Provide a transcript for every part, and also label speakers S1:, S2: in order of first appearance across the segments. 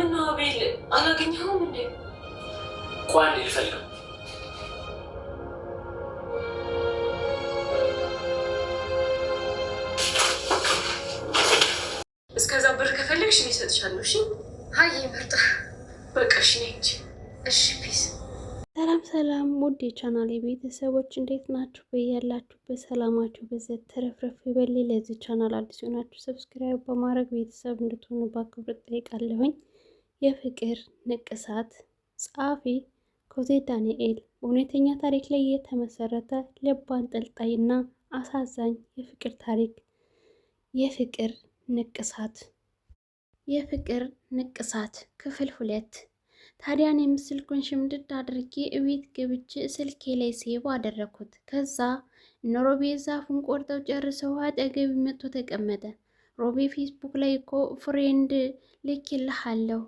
S1: ምነው አቤል አላገኘኸውም እንዴ?
S2: ቆይ አንዴ ልፈልገው።
S1: እስከዛ ብር ከፈለግሽ እኔ እሰጥሻለሁ። እሺ ሀይ በቃ እሺ፣ ነይ እንጂ
S3: እሺ። ፒስ
S4: ሰላም ሰላም፣ ውድ የቻናሌ ቤተሰቦች እንዴት ናችሁ? በያላችሁበት ሰላማችሁ በዘት ተረፍረፍ ይበል። ለዚህ ቻናል አዲስ የሆናችሁ ሰብስክራይብ በማድረግ ቤተሰብ እንድትሆኑ በአክብሮት ጠይቃለሁኝ። የፍቅር ንቅሳት ጸሐፊ ኮዜ ዳንኤል እውነተኛ ታሪክ ላይ የተመሰረተ ልብ አንጠልጣይና አሳዛኝ የፍቅር ታሪክ። የፍቅር ንቅሳት የፍቅር ንቅሳት ክፍል ሁለት። ታዲያን የምስልኩን ሽምድድ አድርጌ እቤት ገብቼ ስልኬ ላይ ሴቦ አደረኩት። ከዛ እነ ሮቤ ዛፉን ቆርጠው ጨርሰው አጠገብ መጥቶ ተቀመጠ። ሮቤ ፌስቡክ ላይ እኮ ፍሬንድ ይልሃለሁ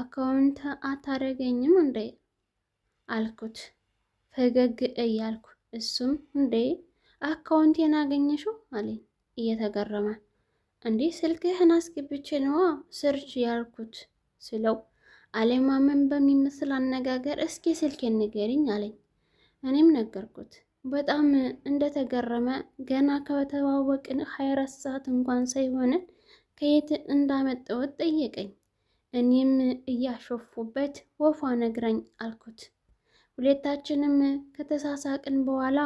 S4: አካውንት አታረገኝም እንዴ አልኩት ፈገግ እያልኩ። እሱም እንዴ አካውንቴን አገኘሽው አለኝ እየተገረመ። እንዴ ስልክህን አስገብቼ ነዋ ስርች ያልኩት ስለው አለማመን በሚመስል አነጋገር እስኪ ስልኬን ንገሪኝ አለኝ። እኔም ነገርኩት። በጣም እንደተገረመ ገና ከተዋወቅን 24 ሰዓት እንኳን ሳይሆንን ከየት እንዳመጣሁት ጠየቀኝ። እኔም እያሾፉበት ወፏ ነግረኝ አልኩት። ሁለታችንም ከተሳሳቅን በኋላ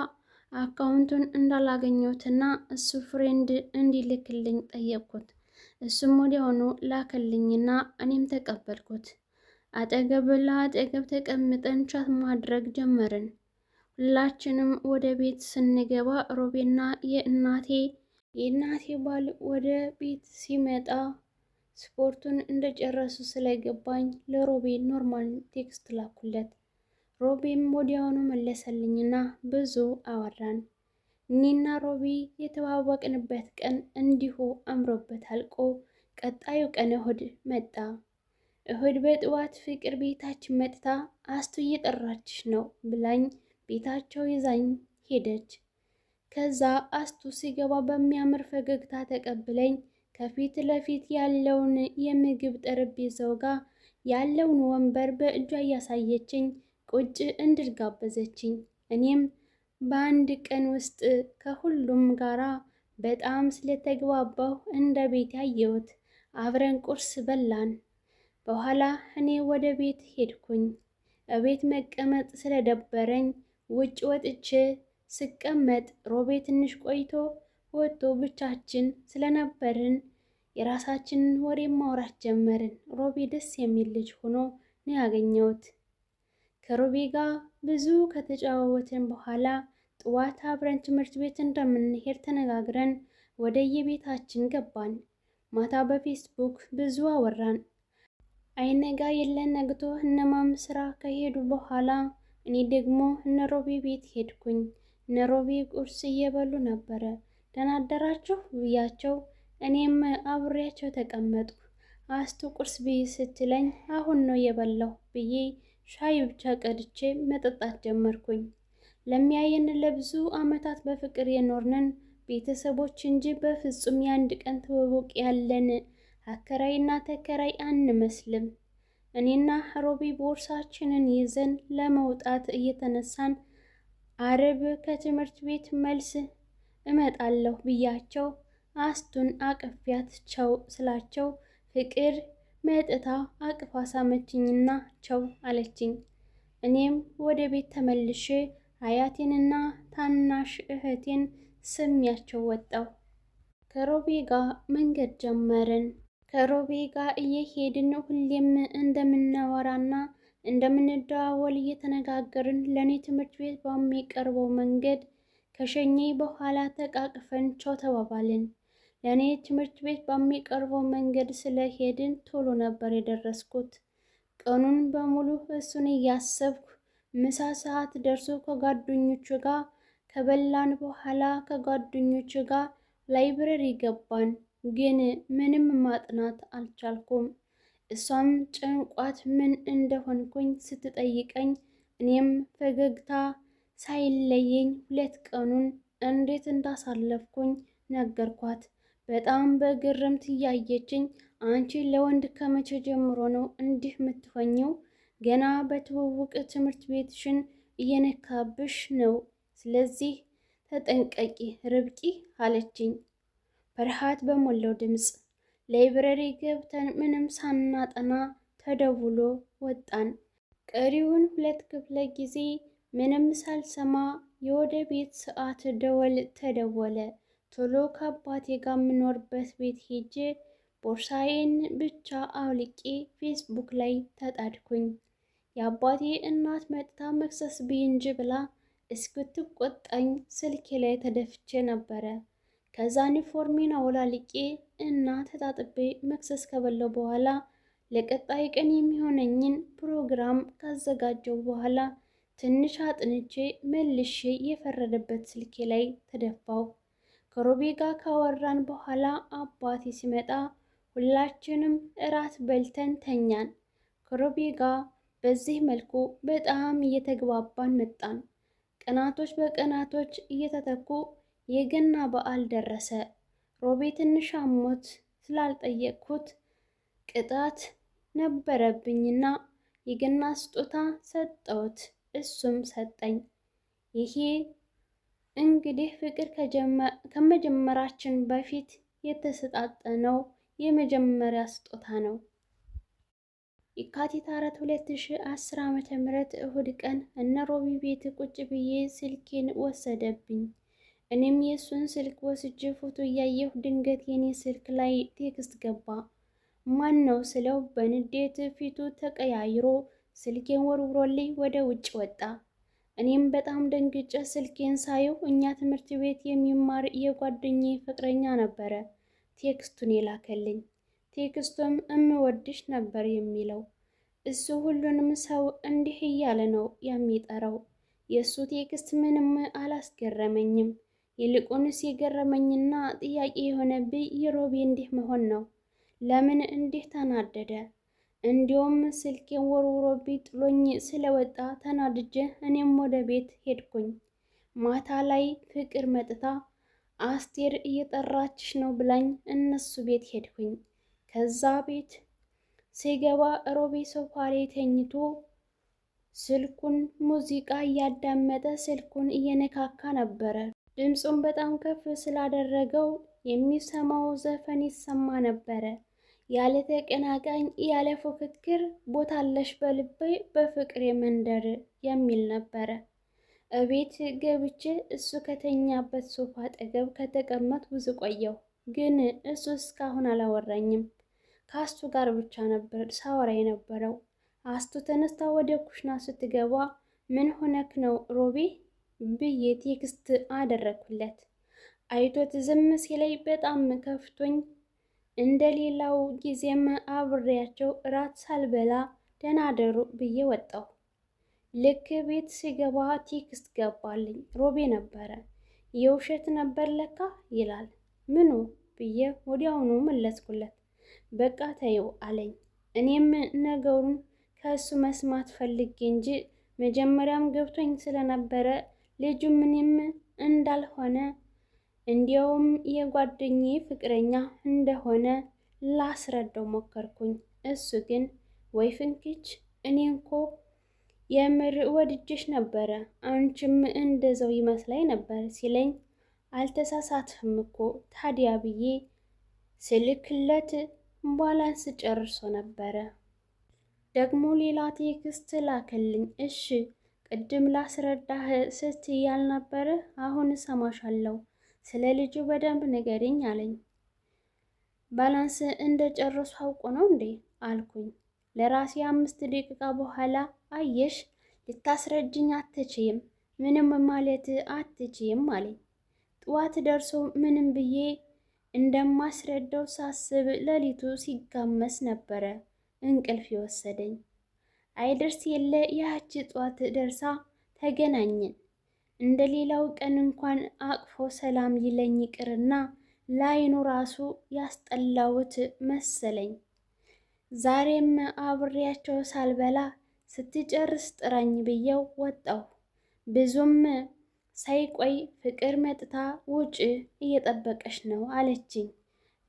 S4: አካውንቱን እንዳላገኘሁትና እሱ ፍሬንድ እንዲልክልኝ ጠየቅኩት። እሱም ወዲያውኑ ላከልኝና እኔም ተቀበልኩት። አጠገብ ለአጠገብ ተቀምጠን ቻት ማድረግ ጀመርን። ሁላችንም ወደ ቤት ስንገባ ሮቤና የእናቴ የእናቴ ባል ወደ ቤት ሲመጣ ስፖርቱን እንደጨረሱ ስለገባኝ ለሮቤ ኖርማል ቴክስት ላኩለት። ሮቤም ወዲያውኑ መለሰልኝና ብዙ አወራን። እኔና ሮቢ የተዋወቅንበት ቀን እንዲሁ አምሮበት አልቆ ቀጣዩ ቀን እሁድ መጣ። እሁድ በጥዋት ፍቅር ቤታችን መጥታ አስቱ እየጠራችሽ ነው ብላኝ ቤታቸው ይዛኝ ሄደች። ከዛ አስቱ ሲገባ በሚያምር ፈገግታ ተቀብለኝ ከፊት ለፊት ያለውን የምግብ ጠረጴዛው ጋር ያለውን ወንበር በእጇ እያሳየችኝ ቁጭ እንድል እኔም በአንድ ቀን ውስጥ ከሁሉም ጋራ በጣም ስለተግባባሁ እንደ ቤት ያየሁት አብረን ቁርስ በላን። በኋላ እኔ ወደ ቤት ሄድኩኝ። እቤት መቀመጥ ስለደበረኝ ውጭ ወጥቼ ስቀመጥ ሮቤ ትንሽ ቆይቶ ወጥቶ ብቻችን ስለነበርን የራሳችንን ወሬ ማውራት ጀመርን። ሮቤ ደስ የሚል ልጅ ሆኖ ነው ያገኘሁት። ከሮቤ ጋር ብዙ ከተጫወተን በኋላ ጥዋት አብረን ትምህርት ቤት እንደምንሄድ ተነጋግረን ወደ የቤታችን ገባን። ማታ በፌስቡክ ብዙ አወራን። አይነጋ የለን ነግቶ እነማም ስራ ከሄዱ በኋላ እኔ ደግሞ እነ ሮቤ ቤት ሄድኩኝ። እነ ሮቤ ቁርስ እየበሉ ነበረ። ደህና አደራችሁ ብያቸው እኔም አብሬያቸው ተቀመጥኩ። አስቱ ቁርስ ብይ ስትለኝ አሁን ነው የበላሁ ብዬ ሻይ ብቻ ቀድቼ መጠጣት ጀመርኩኝ። ለሚያየን ለብዙ ዓመታት በፍቅር የኖርንን ቤተሰቦች እንጂ በፍጹም የአንድ ቀን ትውውቅ ያለን አከራይና ተከራይ አንመስልም። እኔና ሮቢ ቦርሳችንን ይዘን ለመውጣት እየተነሳን አርብ ከትምህርት ቤት መልስ እመጣለሁ ብያቸው አስቱን አቅፊያት ቸው ስላቸው ፍቅር መጥታ አቅፋ ሳመችኝና ቸው አለችኝ። እኔም ወደ ቤት ተመልሼ አያቴንና ታናሽ እህቴን ስሚያቸው ወጣው ከሮቤ ጋር መንገድ ጀመርን። ከሮቤ ጋር እየሄድን ሁሌም እንደምናወራና እንደምንደዋወል እየተነጋገርን ለእኔ ትምህርት ቤት በሚቀርበው መንገድ ከሸኘ በኋላ ተቃቅፈን ቻው ተባባልን። ለእኔ ትምህርት ቤት በሚቀርበው መንገድ ስለሄድን ቶሎ ነበር የደረስኩት። ቀኑን በሙሉ እሱን እያሰብኩ ምሳ ሰዓት ደርሶ ከጓደኞቹ ጋር ከበላን በኋላ ከጓደኞቹ ጋር ላይብረሪ ገባን። ግን ምንም ማጥናት አልቻልኩም። እሷም ጭንቋት ምን እንደሆንኩኝ ስትጠይቀኝ እኔም ፈገግታ ሳይለየኝ ሁለት ቀኑን እንዴት እንዳሳለፍኩኝ ነገርኳት። በጣም በግርምት እያየችኝ አንቺ ለወንድ ከመቼ ጀምሮ ነው እንዲህ የምትሆኘው? ገና በትውውቅ ትምህርት ቤትሽን እየነካብሽ ነው። ስለዚህ ተጠንቀቂ ርብቂ አለችኝ ፍርሃት በሞላው ድምፅ። ላይብረሪ ገብተን ምንም ሳናጠና ተደውሎ ወጣን። ቀሪውን ሁለት ክፍለ ጊዜ ምንም ሳልሰማ የወደ ቤት ሰዓት ደወል ተደወለ። ቶሎ ከአባቴ ጋር የምኖርበት ቤት ሄጄ ቦርሳዬን ብቻ አውልቄ ፌስቡክ ላይ ተጣድኩኝ። የአባቴ እናት መጥታ መክሰስ ብይ እንጂ ብላ እስክትቆጣኝ ስልኬ ላይ ተደፍቼ ነበረ። ከዛ ዩኒፎርሜን ልቄ እና ተጣጥቤ መክሰስ ከበለው በኋላ ለቀጣይ ቀን የሚሆነኝን ፕሮግራም ካዘጋጀው በኋላ ትንሽ አጥንቼ መልሼ የፈረደበት ስልኬ ላይ ተደፋው። ከሮቤ ጋር ካወራን በኋላ አባቴ ሲመጣ ሁላችንም እራት በልተን ተኛን። ከሮቤ ጋር በዚህ መልኩ በጣም እየተግባባን መጣን። ቀናቶች በቀናቶች እየተተኩ የገና በዓል ደረሰ። ሮቤ ትንሽ አሞት ስላልጠየቅኩት ቅጣት ነበረብኝና የገና ስጦታ ሰጠውት። እሱም ሰጠኝ። ይሄ እንግዲህ ፍቅር ከመጀመራችን በፊት የተሰጣጠነው የመጀመሪያ ስጦታ ነው። የካቲት አራት ሁለት ሺ አስር ዓመተ ምህረት እሁድ ቀን እነ ሮቢ ቤት ቁጭ ብዬ ስልኬን ወሰደብኝ። እኔም የእሱን ስልክ ወስጄ ፎቶ እያየሁ ድንገት የኔ ስልክ ላይ ቴክስት ገባ። ማን ነው ስለው በንዴት ፊቱ ተቀያይሮ ስልኬን ወርውሮልኝ ወደ ውጭ ወጣ። እኔም በጣም ደንግጬ ስልኬን ሳየው እኛ ትምህርት ቤት የሚማር የጓደኛዬ ፍቅረኛ ነበረ ቴክስቱን የላከልኝ። ቴክስቱም እምወድሽ ነበር የሚለው። እሱ ሁሉንም ሰው እንዲህ እያለ ነው የሚጠራው። የእሱ ቴክስት ምንም አላስገረመኝም። ይልቁንስ የገረመኝና ጥያቄ የሆነብኝ የሮቤ እንዲህ መሆን ነው። ለምን እንዲህ ተናደደ? እንዲሁም ስልኬን ወርውሮብኝ ጥሎኝ ስለወጣ ተናድጄ እኔም ወደ ቤት ሄድኩኝ። ማታ ላይ ፍቅር መጥታ አስቴር እየጠራችሽ ነው ብላኝ እነሱ ቤት ሄድኩኝ። ከዛ ቤት ሲገባ ሮቤ ሶፋ ላይ ተኝቶ ስልኩን ሙዚቃ እያዳመጠ ስልኩን እየነካካ ነበረ። ድምፁን በጣም ከፍ ስላደረገው የሚሰማው ዘፈን ይሰማ ነበረ። ያለ ተቀናቃኝ ያለ ፉክክር ቦታለሽ በልቤ በፍቅሬ መንደር የሚል ነበረ። እቤት ገብቼ እሱ ከተኛበት ሶፋ አጠገብ ከተቀመጥ ብዙ ቆየው ግን እሱ እስካሁን አላወራኝም። ከአስቱ ጋር ብቻ ነበር ሳወራ የነበረው። አስቱ ተነስታ ወደ ኩሽና ስትገባ ምን ሆነክ ነው ሮቤ ብዬ ቴክስት አደረግኩለት። አይቶት ዝም ሲለኝ በጣም ከፍቶኝ እንደሌላው ጊዜም አብሬያቸው እራት ሳልበላ አደሩ ብዬ ወጣሁ። ልክ ቤት ሲገባ ቴክስት ገባልኝ። ሮቤ ነበረ። የውሸት ነበር ለካ ይላል። ምኑ ብዬ ወዲያውኑ መለስኩለት። በቃ ተይው አለኝ። እኔም ነገሩን ከእሱ መስማት ፈልጌ እንጂ መጀመሪያም ገብቶኝ ስለነበረ ልጁ ምንም እንዳልሆነ እንዲያውም የጓደኛዬ ፍቅረኛ እንደሆነ ላስረዳው ሞከርኩኝ። እሱ ግን ወይ ፍንክች፣ እኔ እኮ የምር ወድጅሽ ነበረ፣ አንቺም እንደዛው ይመስላይ ነበር ሲለኝ አልተሳሳትህም እኮ ታዲያ ብዬ ስልክለት ባላንስ ጨርሶ ነበረ። ደግሞ ሌላ ቴክስት ላከልኝ። እሺ ቅድም ላስረዳህ ስትይ ያልነበረ አሁን እሰማሻለሁ ስለ ልጁ በደንብ ንገሪኝ አለኝ። ባላንስ እንደጨረሱ አውቆ ነው እንዴ አልኩኝ። ለራሴ አምስት ደቂቃ በኋላ አየሽ ልታስረጅኝ አትችይም፣ ምንም ማለት አትችይም አለኝ። ጠዋት ደርሶ ምንም ብዬ እንደማስረዳው ሳስብ ሌሊቱ ሲጋመስ ነበረ እንቅልፍ የወሰደኝ። አይደርስ የለ ያህች ጠዋት ደርሳ ተገናኘን። እንደ ሌላው ቀን እንኳን አቅፎ ሰላም ይለኝ ይቅርና ላይኑ ራሱ ያስጠላውት መሰለኝ። ዛሬም አብሬያቸው ሳልበላ ስትጨርስ ጥራኝ ብየው ወጣሁ። ብዙም ሳይቆይ ፍቅር መጥታ ውጭ እየጠበቀች ነው አለችኝ።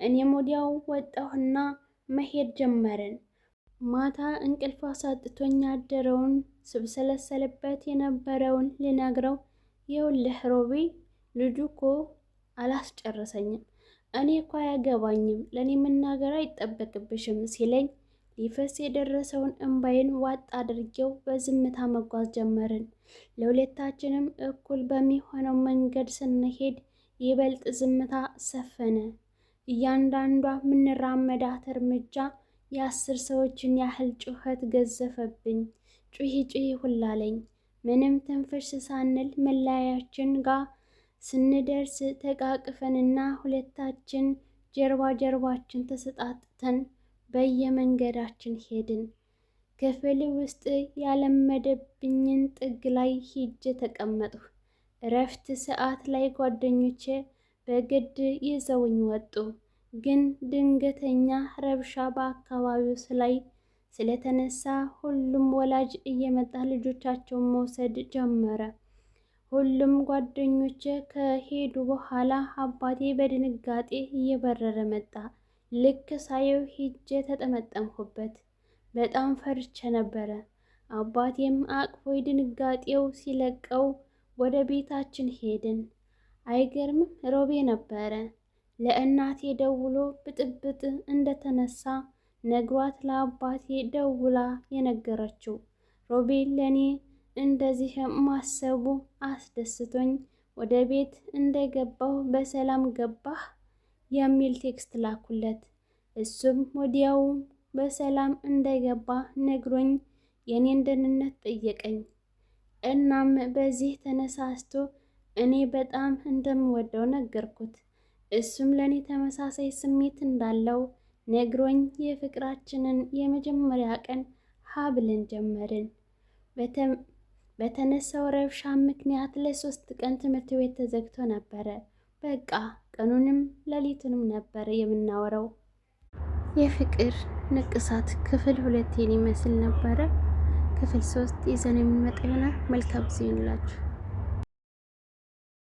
S4: እኔም ወዲያው ወጣሁና መሄድ ጀመርን። ማታ እንቅልፍ አሳጥቶኝ ያደረውን ስብሰለሰልበት የነበረውን ልነግረው ይኸውልህ ሮቢ ልጁ እኮ አላስጨረሰኝም፣ እኔ እኮ አያገባኝም፣ ለእኔ መናገር አይጠበቅብሽም ሲለኝ ሊፈስ የደረሰውን እምባዬን ዋጥ አድርጌው በዝምታ መጓዝ ጀመርን። ለሁለታችንም እኩል በሚሆነው መንገድ ስንሄድ ይበልጥ ዝምታ ሰፈነ። እያንዳንዷ የምንራመዳት እርምጃ የአስር ሰዎችን ያህል ጩኸት ገዘፈብኝ። ጩሂ ጩሂ ሁላለኝ። ምንም ትንፍሽ ሳንል መለያያችን ጋር ስንደርስ ተቃቅፈንና ሁለታችን ጀርባ ጀርባችን ተሰጣጥተን በየመንገዳችን ሄድን። ክፍል ውስጥ ያለመደብኝን ጥግ ላይ ሂጄ ተቀመጥሁ። እረፍት ሰዓት ላይ ጓደኞቼ በግድ ይዘውኝ ወጡ። ግን ድንገተኛ ረብሻ በአካባቢው ስላይ ስለተነሳ ሁሉም ወላጅ እየመጣ ልጆቻቸውን መውሰድ ጀመረ። ሁሉም ጓደኞቼ ከሄዱ በኋላ አባቴ በድንጋጤ እየበረረ መጣ። ልክ ሳየው ሂጄ ተጠመጠምኩበት። በጣም ፈርቼ ነበረ። አባቴም አቅፎ ድንጋጤው ሲለቀው ወደ ቤታችን ሄድን። አይገርምም? ሮቤ ነበረ። ለእናቴ ደውሎ ብጥብጥ እንደተነሳ ነግሯት ለአባቴ ደውላ የነገረችው። ሮቤል ለእኔ እንደዚህ ማሰቡ አስደስቶኝ ወደ ቤት እንደገባሁ በሰላም ገባህ የሚል ቴክስት ላኩለት። እሱም ወዲያው በሰላም እንደገባ ነግሮኝ የኔን ደህንነት ጠየቀኝ። እናም በዚህ ተነሳስቶ እኔ በጣም እንደምወደው ነገርኩት። እሱም ለእኔ ተመሳሳይ ስሜት እንዳለው ነግሮኝ የፍቅራችንን የመጀመሪያ ቀን ሀብልን ጀመርን። በተነሳው ረብሻ ምክንያት ለሶስት ቀን ትምህርት ቤት ተዘግቶ ነበረ። በቃ ቀኑንም ሌሊቱንም ነበር የምናወራው። የፍቅር ንቅሳት ክፍል ሁለት ይመስል ነበረ። ክፍል ሶስት ይዘን የምንመጣ ይሆናል። መልካም ጊዜ ይሁንላችሁ።